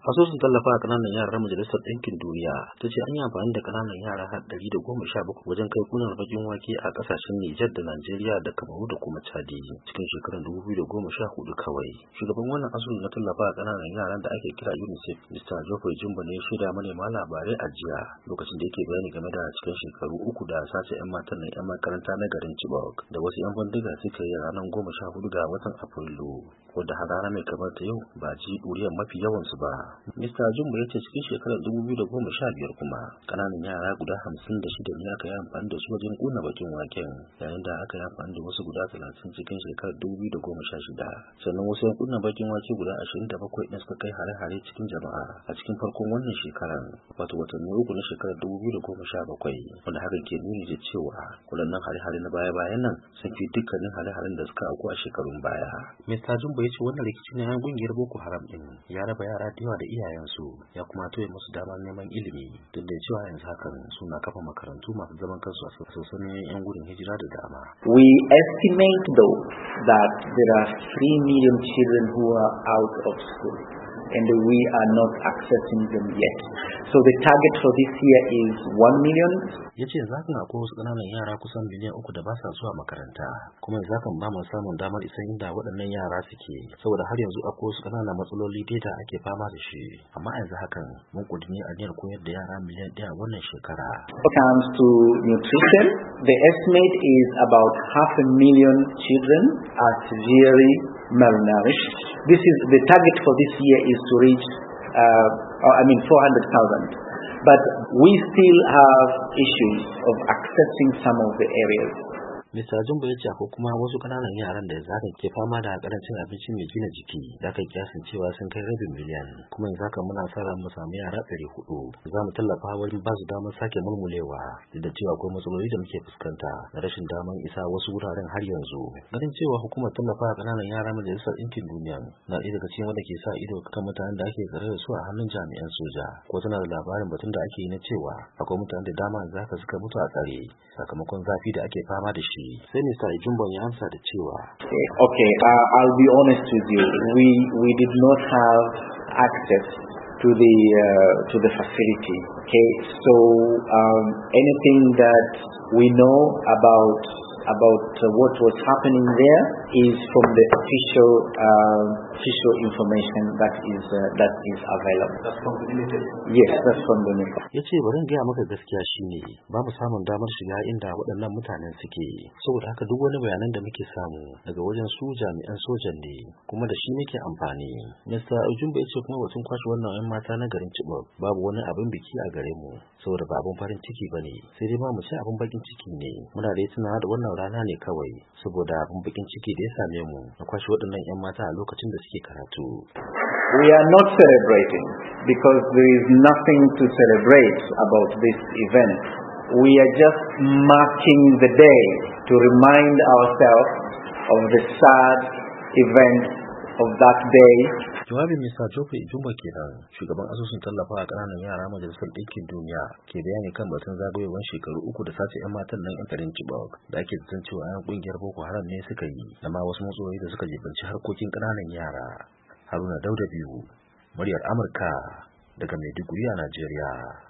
asusun tallafa kananan yara majalisar ɗinkin duniya ta ce an yi amfani da kananan yara har ɗari da goma sha bakwai wajen kai kunar bakin wake a ƙasashen nijar da najeriya da kamaru da kuma chadi cikin shekarar dubu biyu da goma sha hudu kawai shugaban wannan asusun na tallafa kananan yaran da ake kira unicef mr geoffrey jimbo ne shaida manema labarai a jiya lokacin da yake bayani game da cikin shekaru uku da sace yan matan na yan makaranta na garin chibok da wasu yan bandiga suka yi ranar goma sha hudu ga watan afrilu wadda hadara mai kamar ta yau ba a ji ɗuriyar mafi yawansu ba. Mista Jumbo ya ce cikin shekarar dubu biyu da goma sha biyar kuma ƙananan yara guda hamsin da shida ne aka yi amfani da su wajen ƙuna bakin waken yayin da aka yi amfani da wasu guda talatin cikin shekarar dubu biyu da goma sha shida. Sannan wasu yan ƙuna bakin wake guda ashirin da bakwai ɗin suka kai hare-hare cikin jama'a a cikin farkon wannan shekarar wato watanni uku na shekarar dubu biyu da goma sha bakwai wanda hakan ke nuni da cewa waɗannan hare-hare na baya-bayan nan sun fi dukkanin hare-haren da suka auku a shekarun baya. Mista Garba ya ce wannan rikici na 'yan kungiyar Boko Haram din ya raba yara da yawa da iyayensu ya kuma toye musu damar neman ilimi duk da cewa yanzu hakan suna kafa makarantu masu zaman kansu a sassanin 'yan gudun hijira da dama. We estimate though that there are 3 million children who are out of school. and we are not accessing them yet. So the target for this year is 1 million. Ya ce za ka akwai wasu ƙananan yara kusan miliyan uku da ba sa zuwa makaranta kuma za ka ba mu samun damar isan inda waɗannan yara suke saboda har yanzu akwai wasu ƙananan matsaloli dai da ake fama da shi amma yanzu hakan mun a niyyar koyar da yara miliyan ɗaya wannan shekara. comes to nutrition, the estimate is about half a million children are severely malnourished. This is the target for this year is to reach, uh, I mean, 400,000. But we still have issues of accessing some of the areas. Mista Jumbo ya ce akwai kuma wasu kananan yaran da yanzu ke fama da karancin abinci mai gina jiki zaka kiyasin cewa sun kai rabin miliyan kuma yanzu haka muna sa ran mu samu yara ɗari hudu za mu tallafa wajen ba su damar sake mulmulewa duk da cewa akwai matsaloli da muke fuskanta na rashin damar isa wasu wuraren har yanzu ganin cewa hukumar tallafa wa ƙananan yara majalisar ɗinkin duniya na ɗaya daga cikin wanda ke sa ido kan mutanen da ake tsare da su a hannun jami'an soja ko tana da labarin batun da ake yi na cewa akwai mutanen da dama zaka suka mutu a tsare sakamakon zafi da ake fama da shi okay uh, I'll be honest with you we we did not have access to the uh, to the facility okay so um, anything that we know about about uh, what was happening there is from the official uh, official information that is uh, that is available. That's from the military. Yes, that's from the Ya ce bari gaya maka gaskiya shine ba mu samun damar shiga inda waɗannan mutanen suke saboda haka duk wani bayanan da muke samu daga wajen su jami'an sojan ne kuma da shi muke amfani. Mr. Ujumba ya ce kuma batun kwashe wannan 'yan mata na garin Chibok babu wani abin biki a gare mu saboda ba abin farin ciki ba ne sai dai ba mu ci abin bakin ciki ne muna da tunawa da wannan rana ne kawai saboda abin bakin ciki da ya same mu na waɗannan 'yan mata a lokacin da suke karatu. We are not celebrating because there is nothing to celebrate about this event. We are just marking the day to remind ourselves of the sad events of that day Jawabin Mr. Geoffrey Jumba kenan shugaban asusun tallafa a ƙananan yara majalisar ɗinkin duniya ke bayani kan batun zagayowar shekaru uku da sace 'yan matan nan 'yan garin Chibok da ake zaton cewa 'yan ƙungiyar Boko Haram ne suka yi da ma wasu matsaloli da suka jibanci harkokin ƙananan yara. Haruna Dauda biyu, muryar Amurka daga Maiduguri a Najeriya.